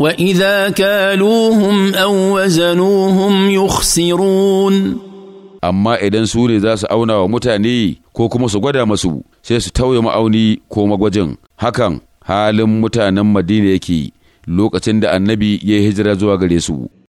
واذا كالوهم او وزنوهم يخسرون amma idan su ne za su auna wa mutane ko kuma su gwada masu sai su tauye ma'auni ko magwajin hakan halin mutanen madina yake lokacin da annabi ya hijira zuwa gare su